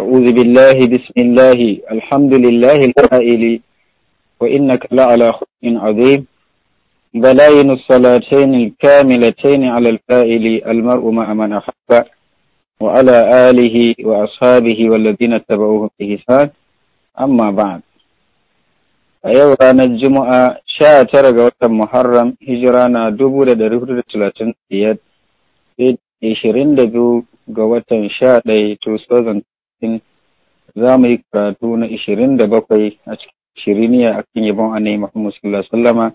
أعوذ بالله بسم الله الحمد لله القائل وإنك لعلى خلق عظيم بلاين الصلاتين الكاملتين على الفائل المرء مع من أحب وعلى آله وأصحابه والذين اتبعوه بإحسان أما بعد a yau ranar juma'a sha tara ga watan muharram hijira na dubu da dari hudu da talatin biyar ishirin da biyu ga watan sha ɗaya cikin za mu yi karatu na ishirin da bakwai a cikin shiriniya a kan yabon annabi Muhammad sallallahu alaihi wasallama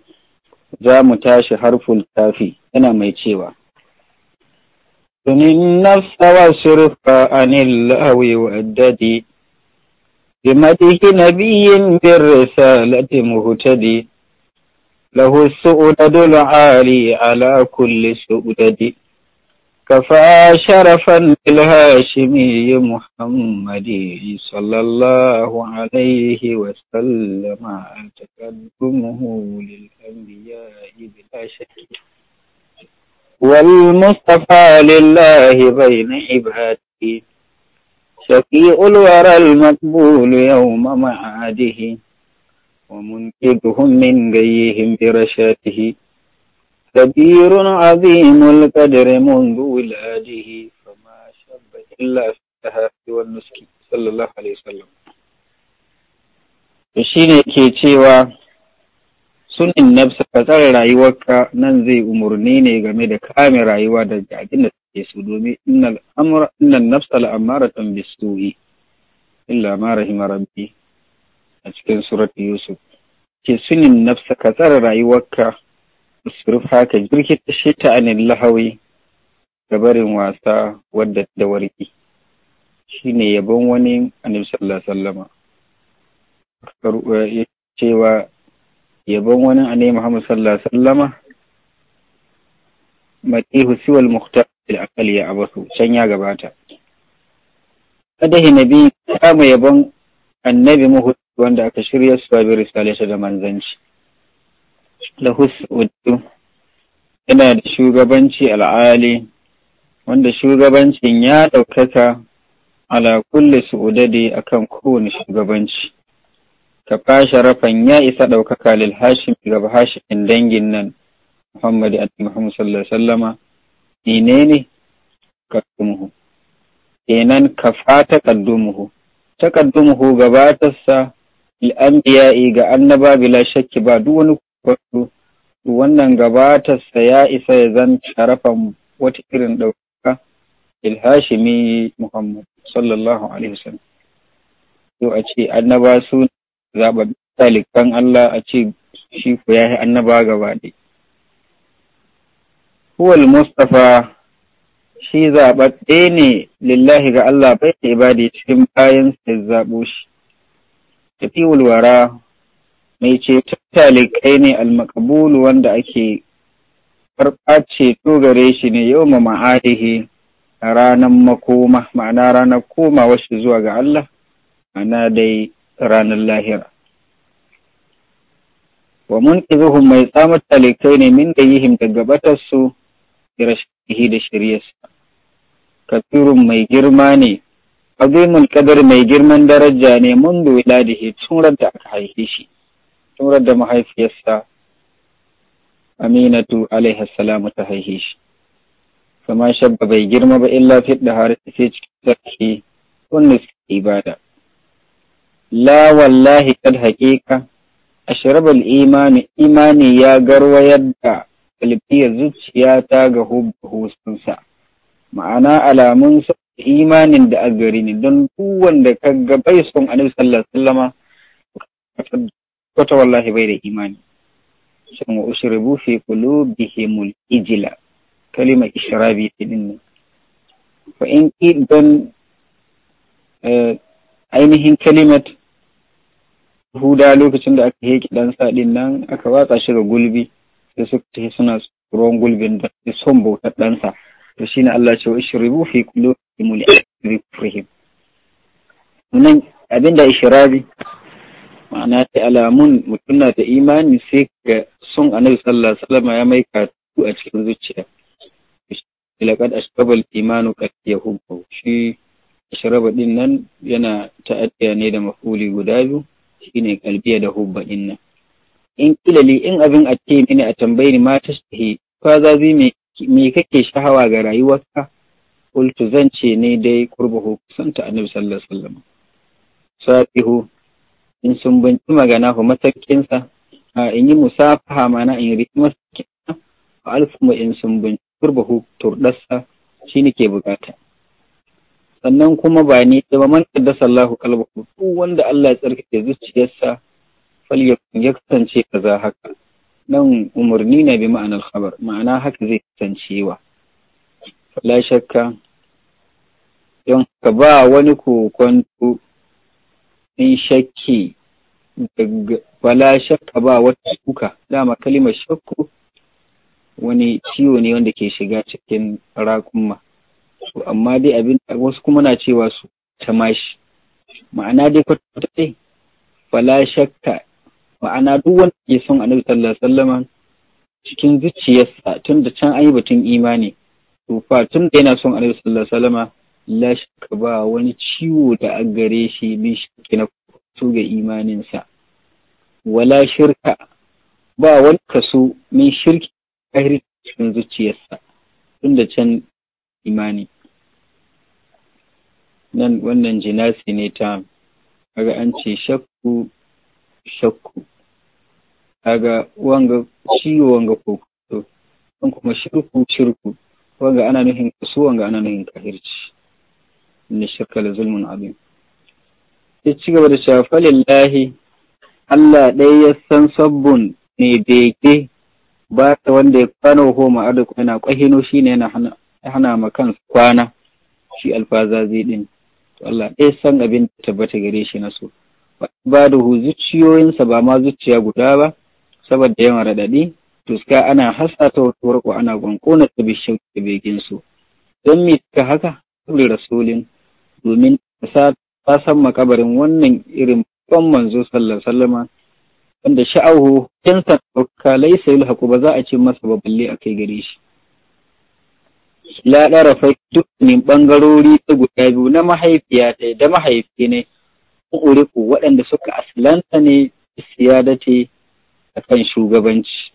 za mu tashi harful tafi yana mai cewa Tunin nafsa wa shirfa anil lawi wa addadi بمدح نبي بالرسالة مهتدي له السؤدد العالي على كل سؤدد كفى شرفا للهاشمي محمد صلى الله عليه وسلم تقدمه للأنبياء بلا شك والمصطفى لله بين عباده شفيء الورى المقبول يوم معاده ومنتجهم من جيهم برشاته كبير عظيم القدر منذ ولاده فما شب إلا فتها سوى النسك صلى الله عليه وسلم shine ke cewa sunin nafsa ka tsare rayuwarka nan zai umarni ne game da kame rayuwa da abin da suke su domin innal amra innal nafsa la'amaratan bisu'i illa ma rahima rabbi a cikin surat yusuf ke sunin nafsa ka tsare rayuwarka isrufa haka, girki ta anin lahawi ga barin wasa wadda da warki shine yabon wani annabi sallallahu alaihi wasallama eh, cewa yabon wani annabi Muhammad sallallahu alaihi wasallama maqihu siwal muhtar da akali ya abasu can ya gabata kadahi nabi kama yabon annabi muhammad wanda aka shirya su risale risalata da manzanci lahus uddu yana da shugabanci al'ali wanda shugabancin ya ɗaukaka ala kulli su'udadi akan kowane shugabanci ka fashe rafan ya isa ɗaukaka lil hashim gaba hashimin dangin nan muhammadu a muhammad sallallahu sallama ne ne kaddumuhu kenan ka fata kaddumuhu ta kaddumuhu gabatarsa lil ga annaba bila shakki ba duk wani wato wannan gabatarsa ya isa ya zan sharafan wata irin dauka ilhashimi Muhammad sallallahu alaihi wasallam. To a ce annaba su zaba talikan Allah a ce shi ku annaba gaba ɗaya. Huwal Mustapha shi zaɓaɓɓe ne lillahi ga Allah bai da ibadi cikin bayan sai zaɓo shi. Tafiwul wara mai ceto talikai ne almakabulu wanda ake karɓa ceto gare shi ne yau ma ma'arihi a ranar makoma ma'ana ranar koma wasu zuwa ga Allah ma'ana dai ranar lahira wa mun mai tsamar talikai ne min da yihim daga batarsu da rashihi da shiryarsa kafirun mai girma ne azimul kadar mai girman daraja ne mun da wiladihi tun da aka haife shi turar da mahaifiyarsa aminatu alaihi salamu ta haihe shi kama shabba bai girma ba illa fit da har sai cikin sarki wanda suke ibada la wallahi kad haqiqa ashrabal imani imani ya garwa da kalbiyar zuciya ta ga hubbu sa ma'ana alamun imanin da a gari ne don duk wanda ka ga bai son annabi sallallahu alaihi wasallama kwata wallahi bai da imani sun wa usribu fi qulubihimul ijla kalimar ishrabi din ne fa in don eh, ainihin kalimat huda lokacin da aka heki dan sadin nan aka watsa shi ga gulbi sai suka ce suna ruwan gulbin da son bautar ɗansa to shine Allah ce wa ishribu fi qulubihimul ijla nan abinda ishrabi ma'ana ta alamun mutum na da imani sai ga sun annabi sallallahu alaihi wasallam ya mai karatu a cikin zuciya laqad ashkabal imanu qad yahubbu shi ashraba din nan yana ta'addiya ne da mafuli guda biyu shine kalbiya da hubba din nan in kilali in abin a ce ne a tambayi ni ma tashtahi fa zazi me me kake shahawa ga rayuwarka kultu zan ce ne dai qurbahu kusanta annabi sallallahu alaihi wasallam sabihu in sun banci magana matakinsa, masaukinsa in yi musafaha mana in riki masaukinsa a alfuma in sun banci turbahu turɗarsa shi ne ke bukata sannan kuma ba ni da ba man kaddasa Allah kalbahu duk wanda Allah ya tsarkake zuciyarsa fal ya kasance kaza haka nan umarni na bi ma'anar khabar ma'ana haka zai kasancewa la shakka don ka ba wani kokonto min shakki wala shakka ba wata shuka dama kalimar shakku wani ciwo ne wanda ke shiga cikin raƙumma amma dai abin wasu kuma na cewa su tamashi ma'ana dai kwata dai wala shakka ma'ana duk wanda ke son annabi sallallahu alaihi wasallam cikin zuciyarsa tun da can an yi batun imani to fa tun da yana son annabi sallallahu alaihi wasallama la ba wani ciwo ta agare shi min shirki na kusu ga imaninsa wala shirka ba wani kaso min shirki a cikin zuciyarsa tun da can imani nan wannan jinasi ne ta kaga an ce shakku shakku kaga wanga ciwo wanga koko kuma shirku shirku wanga ana nuhin kaso wanga ana nuhin kahirci inna shirka la zulmun azim ya ci gaba da shafa lillahi Allah ɗaya ya san sabbin ne bege ba wanda ya kwana ho ma'adu yana kwahino shi ma kansa kwana shi alfazazi din to Allah ɗaya san abin da tabbata gare shi na so ba da hu zuciyoyinsa ba ma zuciya guda ba saboda yawan raɗaɗi tuska ana hasa ta warko ana gwankona ta bishiyar da bai ginsu. don me ka haka saboda rasulin domin ta san makabarin wannan irin ban manzo sallar sallama wanda sha'ahu yan san laisa sai haku ba za a ce masa ba balle a kai gare shi la duk dukkanin ɓangarori ta guda biyu na mahaifiya ta da mahaifi ne uriku waɗanda suka asilanta ne siyadati a kan shugabanci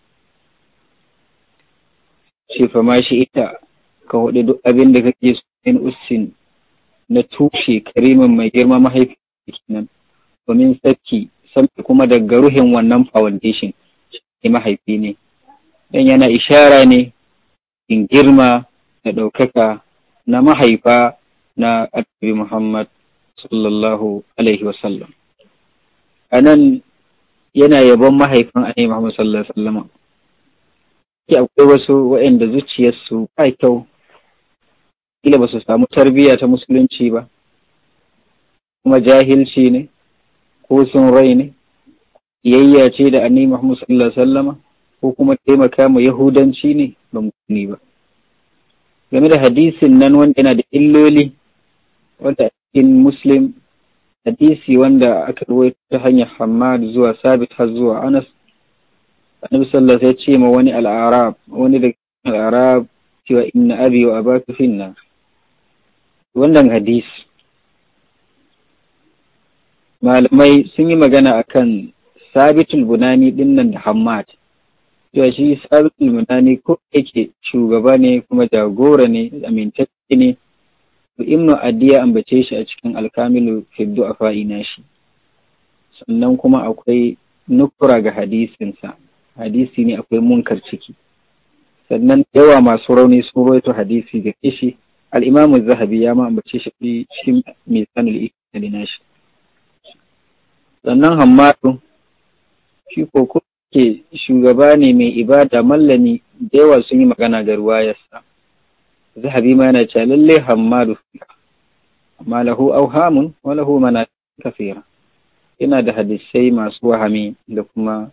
ce fama shi ita ka hudu duk abin da kake so in usin. na tushe karimin mai girma mahaifi kenan domin sarki sabbi kuma daga ruhin wannan foundation shi mahaifi ne dan yana ishara ne in girma da ɗaukaka na mahaifa na annabi Muhammad sallallahu alaihi wasallam a nan yana yabon mahaifin annabi Muhammad sallallahu alaihi wasallam akwai wasu waɗanda zuciyarsu ba kyau kila ba su samu tarbiyya ta musulunci ba kuma jahilci ne ko sun rai ne yayya ce da annabi Muhammad sallallahu alaihi wasallama ko kuma taimaka ma yahudanci ne ba mu ba game da hadisin nan wanda yana da illoli wanda in muslim hadisi wanda aka ruwaito ta hanyar hamad zuwa sabit har zuwa anas annabi sallallahu alaihi ya ce ma wani al'arab wani daga al'arab cewa inna abi wa abaka finna wannan hadisi malamai sun yi magana a kan sabitul bunani dinnan da hammad cewa shi sabitul bunani ko yake shugaba ne kuma jagora ne amintacce ne to imma adiya ambace shi a cikin alkamilu fiddu a fa'ina shi sannan kuma akwai nukura ga hadisinsa hadisi ne akwai munkar ciki sannan yawa masu rauni sun roito hadisi ga kishi al'imamu zahabi ya ma ambace shi cikin mai tsanul na nashi sannan hammadu shi ko ke shugaba ne mai ibada mallami da yawa sun yi magana ga ruwayarsa zahabi ma yana cewa lallai hammadu amma lahu auhamun wa lahu mana kafira yana da hadisai masu wahami da kuma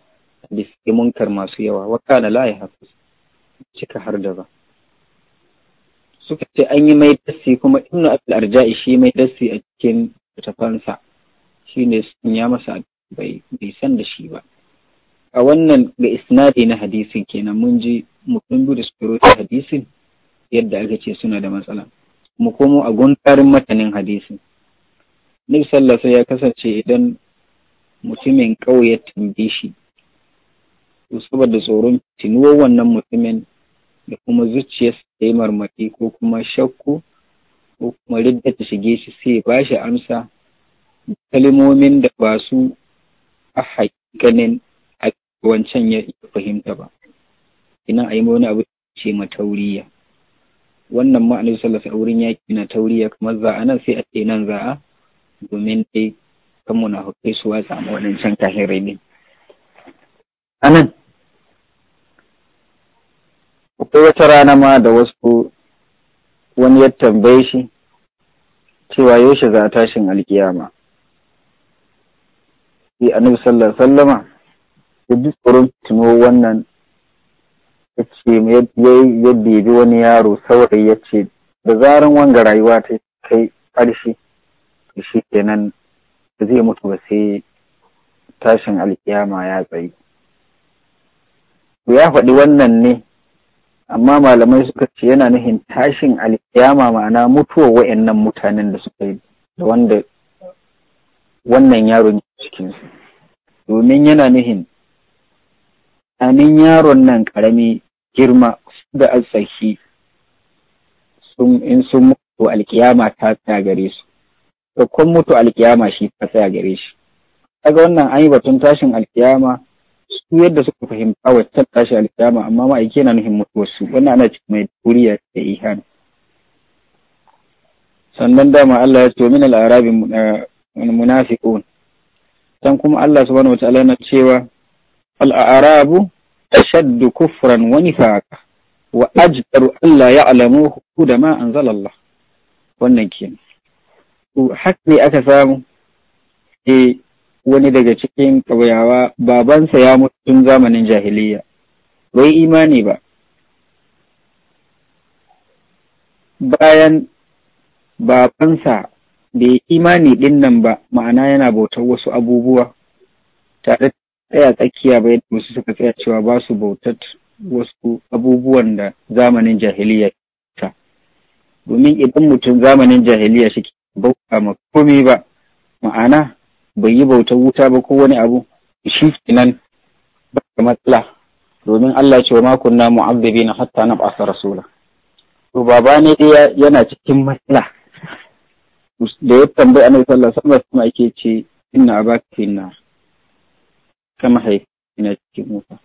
hadisai munkar masu yawa wa kana la yahfuz cika har da ba suka ce an yi mai dasi kuma ibnu abdul arja'i shi mai dasi a cikin tafansa shi ne sun ya masa bai bai san da shi ba a wannan ga isnadi na hadisin kenan mun ji mutum biyu da hadisin yadda aka ce suna da matsala mu komo a guntarin matanin hadisin Nabi sallallahu ya kasance idan mutumin ƙauye tambaye shi to saboda tsoron tinuwar wannan mutumin da kuma zuciyar. ya yi ko kuma shakku ko kuma ridda ta shige shi sai ba bashi amsa kalmomin da ba su a haƙiƙanin a wancan ya fahimta ba ina a yi wani abu ce ma tauriya wannan ma annabi sallallahu wurin yaƙi na tauriya kamar za'a nan sai a ce nan za'a domin dai kan munafukai su watsa ma can kahirai ne anan akwai wata rana ma da wasu wani ya tambaye shi cewa yaushe za a tashin alkiyama sai annabi sallallahu sallar sallama? ya ji tsoron tuno wannan ya ce ya bebi wani yaro saurayi ya ce da zaran wanga rayuwa ta kai ƙarshe shi kenan da zai mutu ba sai tashin alkiyama ya tsayi ya faɗi wannan ne amma malamai suka ce yana nufin tashin alkiyama ma'ana mutuwar wa'annan mutanen da suka yi da wanda wannan yaron cikinsu domin yana nufin anin yaron nan karami girma da altsaki in sun mutu alkiyama ta tsaya gare su da kun mutu alkiyama shi ta tsaya gare shi Daga wannan an yi batun tashin alkiyama su yadda suka fahimta ta tashi alkiyama amma ma'aike na nuhin mutuwarsu wannan ana cikin mai duriya da ihani sannan dama Allah ya ce min al-arabi eh, munafiqun dan kuma Allah subhanahu wataala yana cewa al-arabu ashaddu kufran wa nifaqa wa ajdaru alla ya'lamu da ma anzala Allah wannan kenan to hak ne aka samu eh wani daga cikin ƙauyawa babansa ya mutu tun zamanin jahiliya bai imani ba bayan babansa bai imani ɗin ba ma'ana yana bautar wasu abubuwa tare tsaya tsakiya bai da wasu suka tsaya cewa ba su bautar wasu abubuwan da zamanin jahiliya ta domin idan mutum zamanin jahiliya shi bauta ma komai ba ma'ana bai yi bautar wuta ba ko wani abu shi kenan ba ga matsala domin Allah ce wa makon na mu'azzabi na hatta na ba'asa rasula to baba ne yana cikin matsala da ya tambayi annabi sallallahu alaihi wasallam yake ce inna abaka finna kama haifi na cikin wuta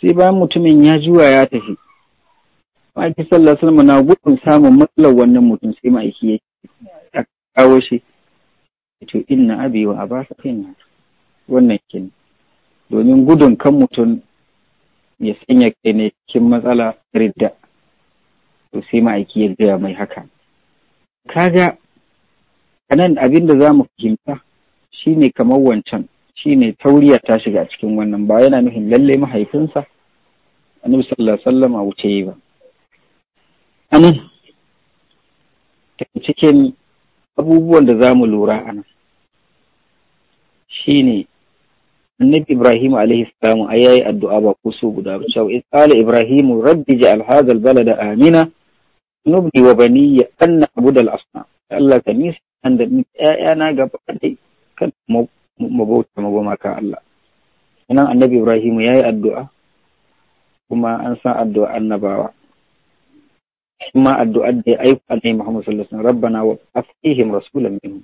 sai bayan mutumin ya juwa ya tafi ma'aiki sallallahu alaihi wasallam na gudun samun matsalar wannan mutum sai ma'aiki ya kawo shi to inna abi wa abaka kenan wannan kin. domin gudun kan mutum ya sanya kai ne cikin matsala ridda to sai ma'aiki ya gaya mai haka kaga anan abin da za mu fahimta shine kamar wancan shine tauriya ta shiga cikin wannan ba yana nuhin lalle mahaifinsa annabi sallallahu alaihi wasallam a wuce ba anan cikin abubuwan da za mu lura a nan shine annabi ibrahim alaihi salam yayi addu'a ba kuso guda ba cewa ala ibrahim rabbi ja'al hadha al-balada amina nubni wa baniya an na'budu al-asnam Allah ka nisa an da na gaba dai kan mabauta ka Allah nan annabi ibrahim yayi addu'a kuma an san addu'a annabawa shi ma addu'ar da ya aiko annabi Muhammad sallallahu alaihi rabbana wa afihim rasulan minhum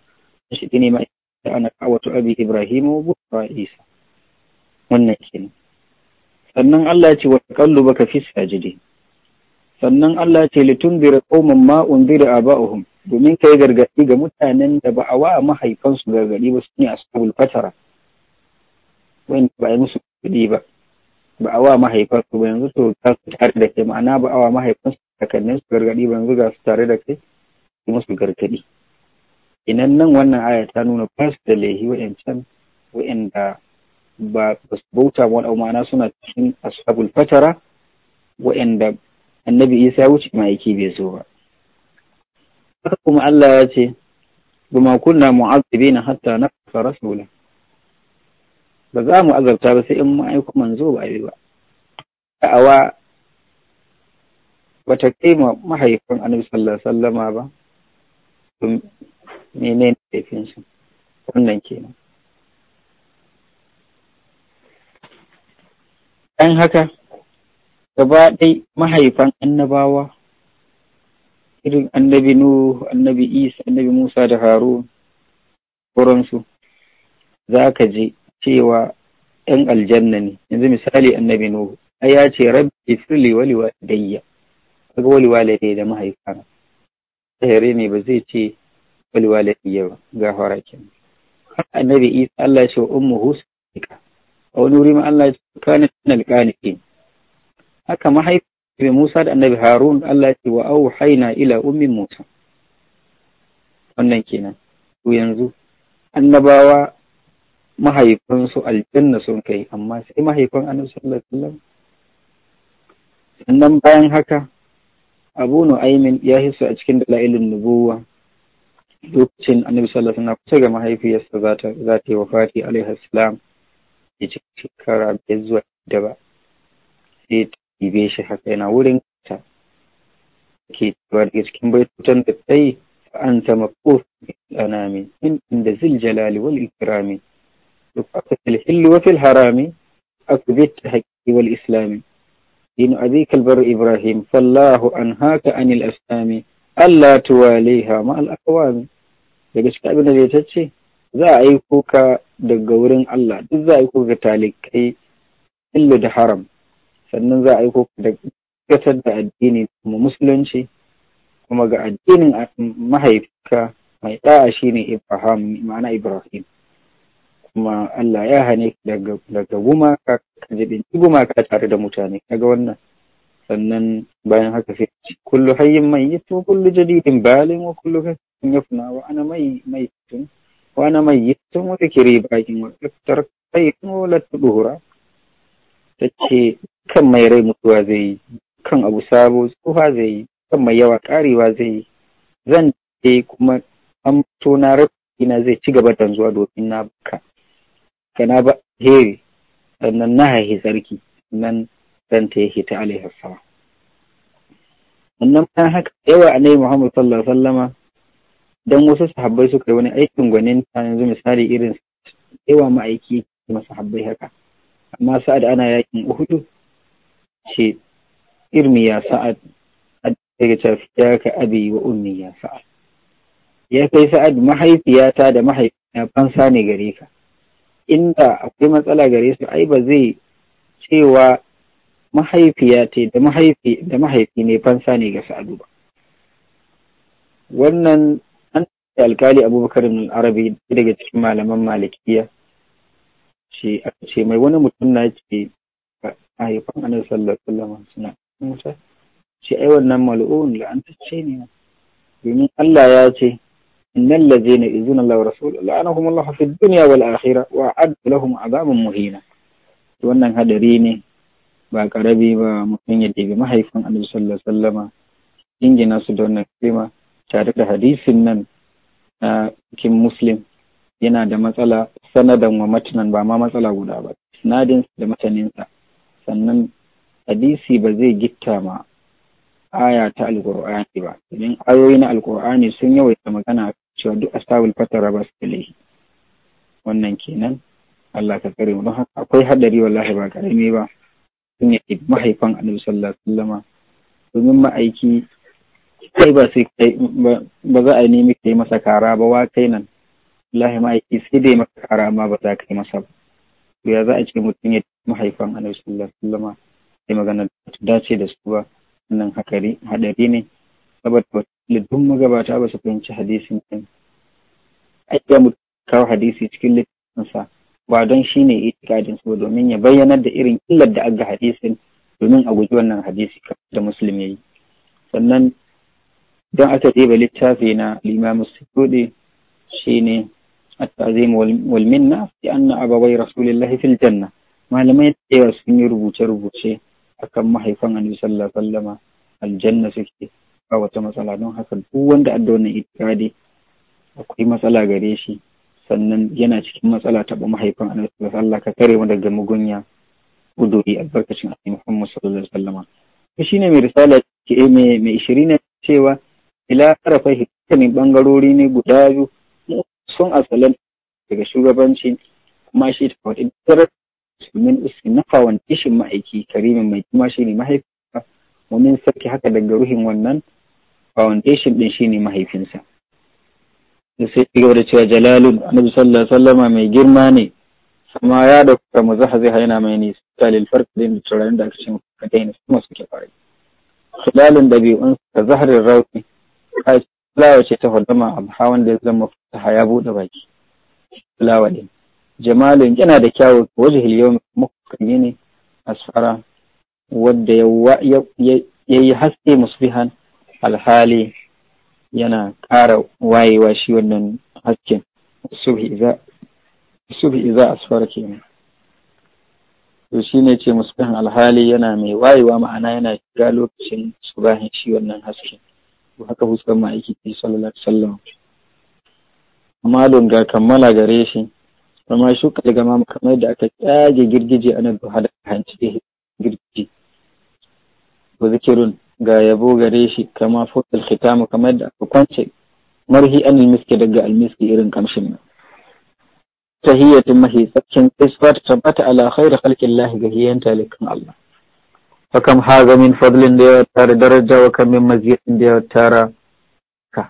shi ne ma ana kawatu abi ibrahim wa bukhra isa wannan kenan sannan Allah ya ce wa taqallubaka fi sajidin sannan Allah ya ce litumbira qauman ma unzira aba'uhum domin kai gargaɗi ga mutanen da ba a wa mahaifansu gargadi ba su ne a sabul fatara wanda ba ya musu kuɗi ba ba a wa mahaifansu ba yanzu su ta su tare da kai ma'ana ba a wa mahaifansu su gargaɗi ba yanzu ga su tare da kai su musu gargaɗi inan nan wannan aya ta nuna fas da lehi wa'yancan wa'yanda ba su bauta ba wadda ma'ana suna cikin ashabul fatara wa'yanda annabi isa wuce ma'aiki bai zo ba haka kuma allah ya ce ma kunna na hatta na rasula ba za mu azabta ba sai in mun aiko manzo ba yi ba da'awa ba kai ma mahaifin annabi sallallahu alaihi wasallama ba menene laifin su wannan kenan dan haka gaba dai mahaifan annabawa irin annabi Nuhu, annabi Isa, annabi Musa da Haru, sauransu, za ka je cewa ‘yan aljanna ne, yanzu misali annabi Nuhu, ai ya ce rabbi firli wali walidayya, kaga wali walidayya da mahaifana. yare ne ba zai ce wali walidayya ba, gafara kenan. annabi Isa Allah shi wa ummu husika a wani wuri ma Allah ce kana min alqaniqin haka mahaifi Musa da annabi Harun Allah ce wa haina ila ummin Musa wannan kenan to yanzu annabawa mahaifinsu aljanna sun kai amma sai mahaifin annabi sallallahu alaihi sannan bayan haka abu nu'aimin ya hisu a cikin dalailin nubuwa lokacin annabi sallallahu alaihi kusa ga mahaifiyarsa za ta za ta yi wafati alaihi salam ya ci shekara biyar zuwa da ba sai ta ibe shi haka yana wurin ta ke cewa daga cikin baitutan da ta yi fa anta maquf bi anami inda zil jalali wal ikrami في الحل وفي الحرام أثبت حقي والإسلام دين أبيك البر إبراهيم فالله أنهاك عن الأسلام ألا تواليها مع الأقوام daga cikin abin zai ta ce za a yi kuka daga wurin Allah duk za a yi kuka talikai illu da haram sannan za a yi kuka da gatar da addini kuma musulunci kuma ga addinin mahaifinka mai ɗa'a shine Ibrahim ma'ana Ibrahim kuma Allah ya hane daga daga gumaka ka gumaka tare da mutane kaga wannan sannan bayan haka sai kullu hayyin mai yitu kullu jadidin balin wa kullu kasin yafna wa ana mai tun wa ana mayyitun wa fikri bakin wa tsaftar kayyun wa latubuhura tace kan mai rai mutuwa zai yi kan abu sabo tsufa zai yi kan mai yawa karewa zai yi zan je kuma an na rafi na zai ci gaba tanzuwa domin na baka kana ba heri sannan na haihi tsarki nan ranta yake ta alaihi sama sannan bayan haka yawa annabi muhammad sallallahu alaihi wasallama don wasu sahabbai suka yi wani aikin gwanin ta yanzu misali irin yawa ma'aiki masa habbai haka amma sa'ad ana yakin uhudu ce irmi ya sa'ad daga tafiya ka abi wa ummi ya sa'ad ya kai sa'ad mahaifiyata da mahaifiyata fansa ne gare ka inda akwai matsala gare su ai ba zai cewa mahaifiya ce da mahaifi da mahaifi ne fansa ne ga sa'adu ba wannan an da alkali abubakar min arabi daga cikin malaman malikiya ce aka ce mai wani mutum na ce mahaifan annabi sallallahu alaihi wasallam suna musa ce ai wannan mal'un la'antacce ne domin Allah ya ce إن الذين يؤذون الله ورسوله لعنهم الله في الدنيا Wa وأعد لهم عذاب muhina. wannan hadari ne ba karabi ba mutum ya ɗebi mahaifin annabi sallallahu alaihi wasallama ingina su don na kalma tare da hadisin nan na cikin muslim yana da matsala sanadan wa matanan ba ma matsala guda ba sinadin da mataninsa sannan hadisi ba zai gitta ma aya ta alkur'ani ba Idan ayoyi na alkur'ani sun yawaita magana cewa duk astawul fatara ba su ilai wannan kenan Allah ka tsare mu haka akwai hadari wallahi ba karami ba sun yi mahaifan annabi sallallahu alaihi wasallama domin ma'aiki kai ba sai kai ba za a nemi kai masa kara ba wa kai nan wallahi ma'aiki sai dai maka kara amma ba za ka yi masa ba to ya za a ce mutum ya mahaifan annabi sallallahu alaihi wasallama sai magana da dace da su ba wannan hakari hadari ne tabbatar liddun magabata ba su fahimci hadisin ɗin ake mu kawo hadisi cikin littafinsa ba don shi ne itikadin su domin ya bayyanar da irin illar da aga hadisi domin a guji wannan hadisi da musulmi sannan don aka ɗiba littafi na limamu sifuɗi shi ne a tazim walmin na fi anna ababai rasulillahi fil janna malamai cewa sun yi rubuce-rubuce akan mahaifan annabi sallallahu alaihi wasallama aljanna suke ba wata matsala don haka duk wanda adda wannan itikadi akwai matsala gare shi sannan yana cikin matsala taɓa mahaifin annabi sallallahu ka kare wanda daga mugunya uduri albarkacin annabi Muhammad sallallahu alaihi wasallam to shine mai risala ke eh, mai mai 20 cewa ila tarafa hikamin bangarori ne guda biyu sun asalan daga shugabanci kuma shi ta faɗi musulmin usi na fawon ishin ma'aiki karimin mai kuma shi ne mahaifin wani sarki haka daga ruhin wannan foundation din shine mahaifinsa sai ya gaba da cewa Jalalu annabi sallallahu alaihi mai girma ne amma ya dauka zai haina mai nisa jalil farq din da turarin da aka ce ne, kuma suke fara khilalun dabi'un ka zaharin rauki kai fulawa ce ta hulama abu hawan da zama fataha ya bude baki fulawa din jamalin yana da kyawu wajen hiliyar mukanni ne asfara wadda ya yi haske musbihan alhali yana ƙara wayewa shi wannan hasken subhi iza asfara ke to shi ne ce musbihin alhali yana mai wayewa ma'ana yana shiga lokacin subahin shi wannan hasken to haka fuskar ma'aiki ta sallallahu alaihi wasallam malum ga kammala gare shi amma shuka daga ma kamar da aka kyage girgije ana duha da hanci girgije ba zikirun ga yabo gare shi kama fukil kamar da aka kwance marhi anil miski daga almiski irin kamshin nan tahiyyatun mahi tsakkin isbat tabbata ala khairu khalqillahi ga hiyanta likan Allah fakam haza min fadlin da ya tare daraja wa kam min maziyyatin da ya tara ka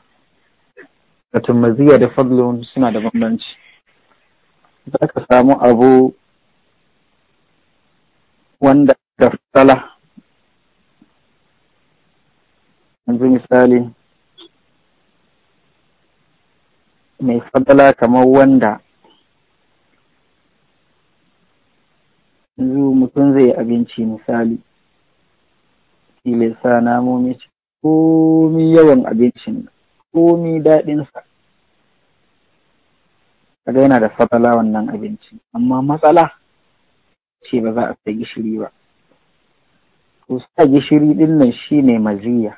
wato maziya da fadlun suna da bambanci za ka samu abu wanda ka fasala yanzu misali mai fadala kamar wanda yanzu mutum zai yi abinci misali sa namomi komi yawan abincin komi daɗinsa kaga yana da fadala wannan abinci amma matsala ce ba za a sa gishiri ba to sa gishiri ɗin nan shine maziya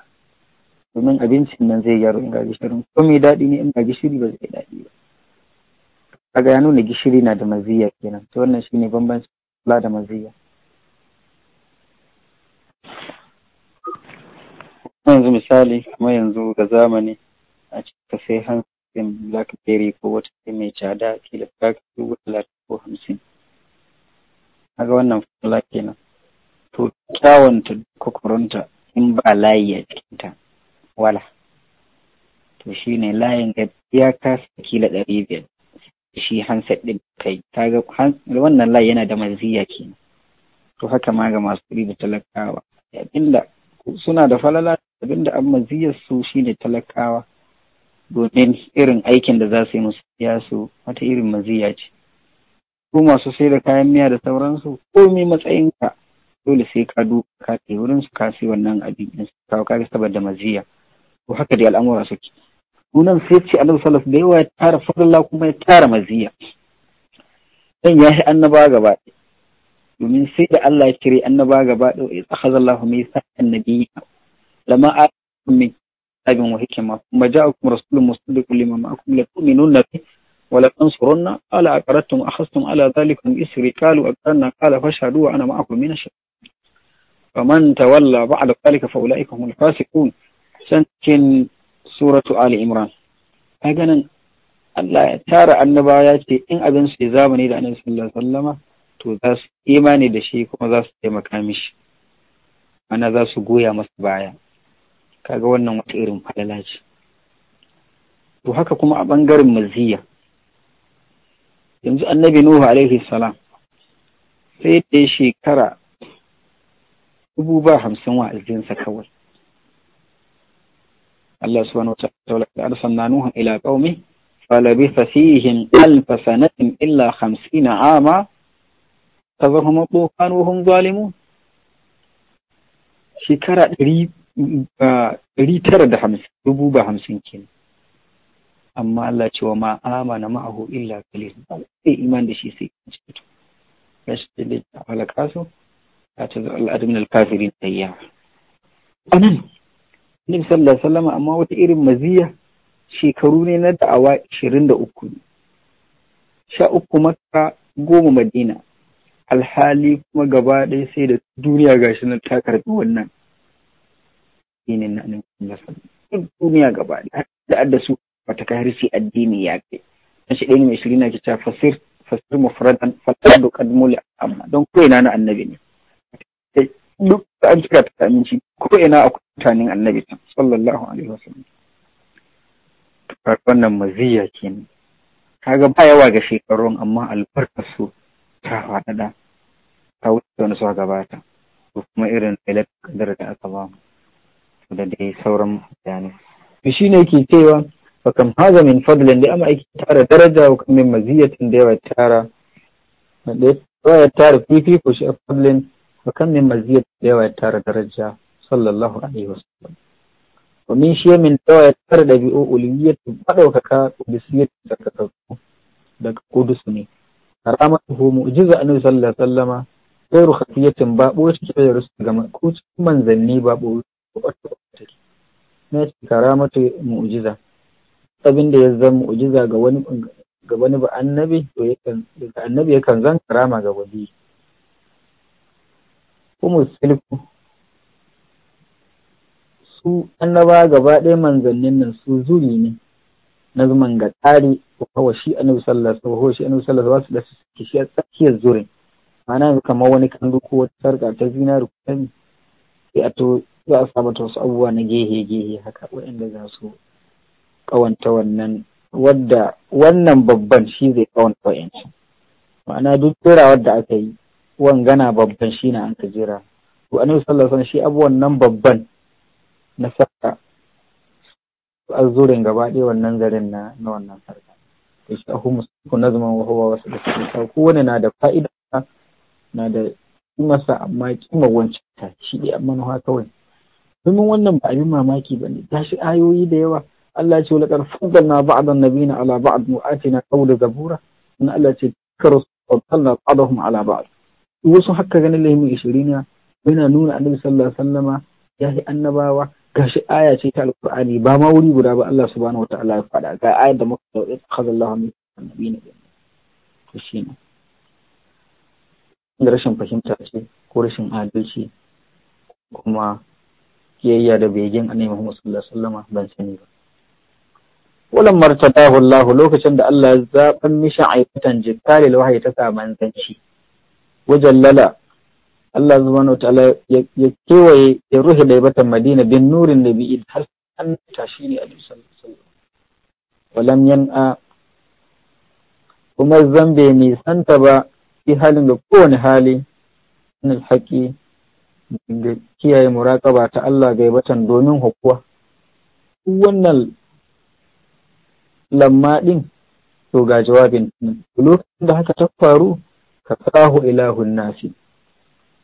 domin abincin nan zai gyaru in ga gishirin ko mai daɗi ne in ga gishiri ba zai daɗi ba kaga ya nuna gishiri na da maziya kenan to wannan shine bambanci kula da maziya yanzu misali kuma yanzu ga zamani a cikin sai hankalin blackberry ko wata mai tsada kila ka dubu talatin ko hamsin kaga wannan fula kenan to kyawanta ko in ba layi a cikinta wala to shi ne layin ga ya kasa kila ɗari biyar shi handset ɗin kai kaga wannan layi yana da maziya ke. to haka ma ga masu da talakawa abinda suna da falala abinda an maziyar su shine talakawa domin irin aikin da za su yi musu ya su wata irin maziya ce ko masu sai da kayan miya da sauransu komai matsayinka dole sai ka duka, ka wurin su ka wannan abin su kawo kaga saboda maziya to haka dai al'amura suke nunan sai ce annabi da yawa ya tara fadalla kuma ya tara maziya dan ya shi annaba gaba domin sai da Allah ya kire annaba gaba da ya tsaka zallahu mai sa annabi lama a min abin wa hikima kuma ja'akum rasulun musaddiqun lima ma'akum la tu'minuna bihi ولا تنصرن قال أقررتم وأخذتم على ذلكم إسري قالوا أقررنا قال فاشهدوا وأنا معكم من الشهداء فمن تولى بعد ذلك فأولئك هم الفاسقون can cikin suratu Ali Imran. A ganin Allah ya tara annabawa ya ce in abin su zamani da annabi sallallahu alaihi wasallama to za su imani da shi kuma za su taimaka mishi. Ana za su goya masa baya. Kaga wannan wata irin falala ce. To haka kuma a ɓangaren maziya. Yanzu annabi Nuhu alaihi salam sai da shekara dubu ba hamsin wa'azinsa kawai. Allah subhanahu wa ta'ala arsalna nuhan ila qaumi falabitha fihim alf sanatin illa 50 ama fazahum tufan wa hum zalimun shekara ɗari tara da hamsin dubu ba hamsin kenan amma Allah ce wa ma amana ma'ahu illa qalil sai iman da shi sai ya gashi da halaka su ta ta al'adun al-kafirin tayya anan Nabi sallallahu alaihi wasallam amma wata irin maziya shekaru ne na da'awa 23 sha uku maka goma madina alhali kuma gaba ɗaya sai da duniya gashi nan ta karɓi wannan addinin na nan sallallahu duniya gaba ɗaya da adda su wata kai harshe addini ya kai dan shi ɗaya mai shiri na kita fasir fasir mufradan fasadu kadmuli amma don ko ina na annabi ne duk an cika ta aminci ko ina akwai mutanen annabi sallallahu alaihi wasallam wannan maziya kenan kaga ba yawa ga shekarun amma albarkar su ta faɗaɗa ta wuce wani suka gabata ko kuma irin kadar da aka ba mu da dai sauran mutane shi ne ke cewa fakan haza min fadlan da amma ake tara daraja ko min maziyatin da yawa tara da ya tara fifiko shi a fadlin fakan min maziyatin da yawa tara daraja sallallahu alaihi wasallam wa min shemin dawa ya tara da bi'o uliyatu madaukaka qudusiyatu tsakatsatsu daga ƙudus ne karamatuhu mu'jiza annabi sallallahu alaihi wasallama sayru khafiyatin ba boye shi da rusu ga makucin manzanni ba boye ke? na ce karamatu mu'jiza abin da ya zama mu'jiza ga wani ga wani ba annabi to yakan annabi yakan zan karama ga wani kuma silku su annaba gaba ɗaya manzannin nan su zuri ne na zuman ga tsari kawai shi annabi sallallahu alaihi ko shi annabi sallallahu alaihi wasallam su shi a tsakiyar zurin ma'ana yanzu kamar wani kan ko wata sarka ta zinari ko ta sai a to za a samu wasu abubuwa na gehe gehe haka waɗanda za su kawanta wannan wadda wannan babban shi zai kawanta wa'ancin ma'ana duk jera wadda aka yi wangana babban shi na an ka jira to annabi sallallahu alaihi wasallam shi abubuwan nan babban na saka zuren gaba ɗaya wannan garin na na wannan sarka to shi ahu musulku na zaman wahuwa wasu da suke wani na da fa'ida na da masa amma kima wancan ta shi dai amma na kawai domin wannan ba abin mamaki ba ne shi ayoyi da yawa Allah ce wala kar faddalna ba'dan nabiyina ala ba'd mu'atina qawla zabura in Allah ce karu na ba'dahum ala ba'd wasu haka ganin lahimin 20 yana nuna annabi sallallahu alaihi wasallama ya yi annabawa gashi aya ce ta alqur'ani ba ma wuri guda ba Allah subhanahu wataala ya faɗa ga ayar da muka dauke khazallahu min annabiyina to shine rashin fahimta ce ko rashin adalci kuma kiyayya da begen annabi Muhammad sallallahu alaihi wasallam ban sani ba walan martadahu Allah lokacin da Allah ya zaban mishi aikatan jikkali wahayi ta sa wajallala Allah subhanahu wataala ya kewaye ya ruhe laibatan Madina bin nurin nabii har an tashi ne a sallallahu walam yan'a kuma zambe ne santa ba fi halin da kowane hali na haƙi da kiyaye muraƙaba ta Allah gaibatan domin hukuwa wannan lamma ɗin to ga jawabin lokacin da haka ta faru ka sahu ilahun nasi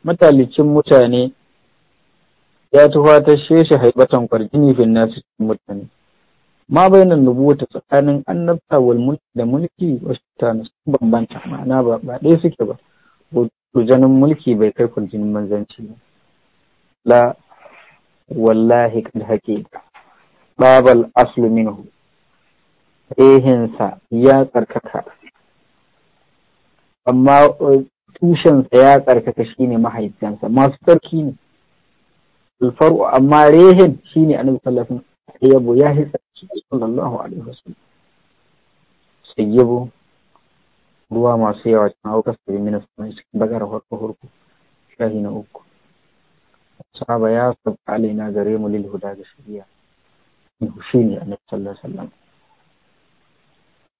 matalicin mutane ya tuwa ta sheshe haibatan kwarjini fin nasu mutane ma bainan nubuwata tsakanin annabta wal mulki da mulki wa shaitanu sun bambanta ma'ana ba ba ɗaya suke ba rujanin mulki bai kai kwarjinin manzanci ba la wallahi kad hake babal aslu minhu ehinsa ya tsarkaka amma tushensa ya tsarkaka shine mahaifiyansa masu tsarki ne alfaru amma rehen shine annabi sallallahu alaihi yabo ya yi tsarki sallallahu alaihi wasallam sayyabo ruwa masu yawa cikin aukar su yi mai cikin bagar harko harko shahi na uku sahaba ya sabba alaina gare mu lil huda da shari'a shi ne annabi sallallahu alaihi wasallam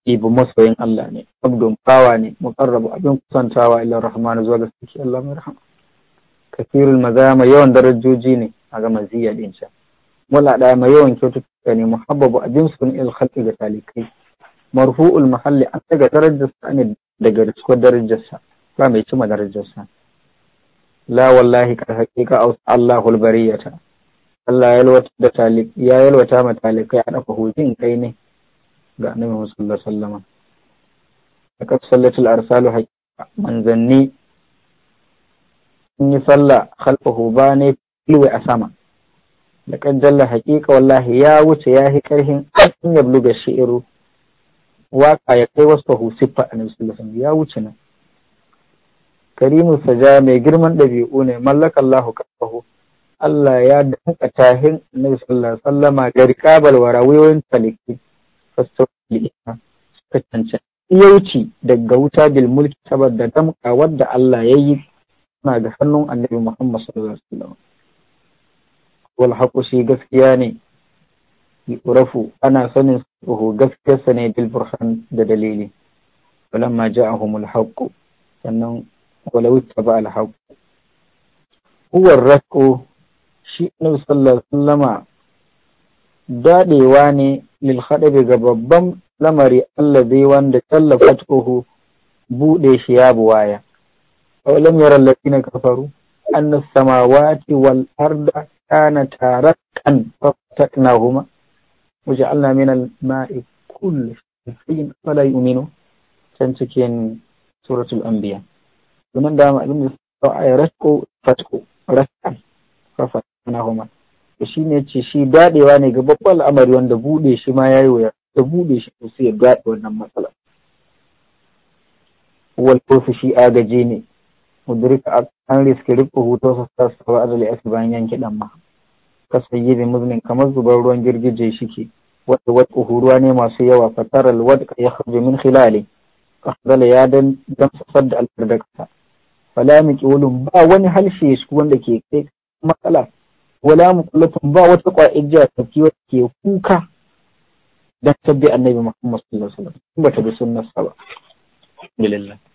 ibu masoyin Allah ne abdun ne. ne mukarrabu abin kusantawa ila na zuwa ga suke Allah mai rahama kasirul mai yawan darajoji ne a ga maziya din can wala da mai yawan kyaututtuka ne muhabbabu abin sun il khalqi ga talikai marfu'ul mahalli an daga darajarsa ne daga rikon darajarsa ba mai cima darajarsa la wallahi kar haqiqa aus Allahul bariyata Allah ya yalwata ma talikai a dafa hujin kai ne ga annabi sallallahu alaihi wasallam laqad sallatul arsalu haqiqa manzanni in yi salla khalfahu ba ne filwe a sama Da kan jalla haqiqa wallahi ya wuce ya yi karhin in ya bluga shi'iru waka ya kai wasu husifa annabi sallallahu alaihi ya wuce nan karimu saja mai girman ɗabi'u ne mallaka Allahu kafahu Allah ya danka tahin annabi sallallahu alaihi wasallama ga riqabal warawiyoyin taliki fastawa suka cancanci yauci daga wuta bil mulki saboda damka wadda Allah ya yi na ga hannun annabi Muhammad sallallahu alaihi wasallam wal haqu shi gaskiya ne yu'rafu ana sanin suhu gaskiyarsa ne bil burhan da dalili walamma ja'ahumul haqu sannan walau taba al haqu huwa rasko shi annabi sallallahu alaihi wasallama dadewa ne lil ga babban lamari allazi wanda tallafat shi ya buwaya aw yara allazina kafaru anna samawati wal arda kana tarakan fataknahuma waja'alna min al shay'in fala yu'minu can cikin suratul anbiya domin da ma rasko fatko shi ne ce shi daɗewa ne ga babban al'amari wanda buɗe shi ma ya yi wuya da buɗe shi ko sai ya wannan matsala wal kofi shi agaje ne mudrika an riske rikko hutu su ta su ba azali asu bayan yanki dan ma ka sayi da muzmin kamar zubar ruwan girgije ke. Wadda wadda uhuruwa ne masu yawa fataral wadka ya kharju min khilali kahdala ya dan dan safar da alfardakta fala miqulun ba wani halshe shi wanda ke kai matsala wala muqallatun ba wata ƙwa'in jiya fi wata ke kuka da tabbi annabi Muhammad sallallahu alaihi wasallam ba ta bi sunnar sa ba. Alhamdulillah.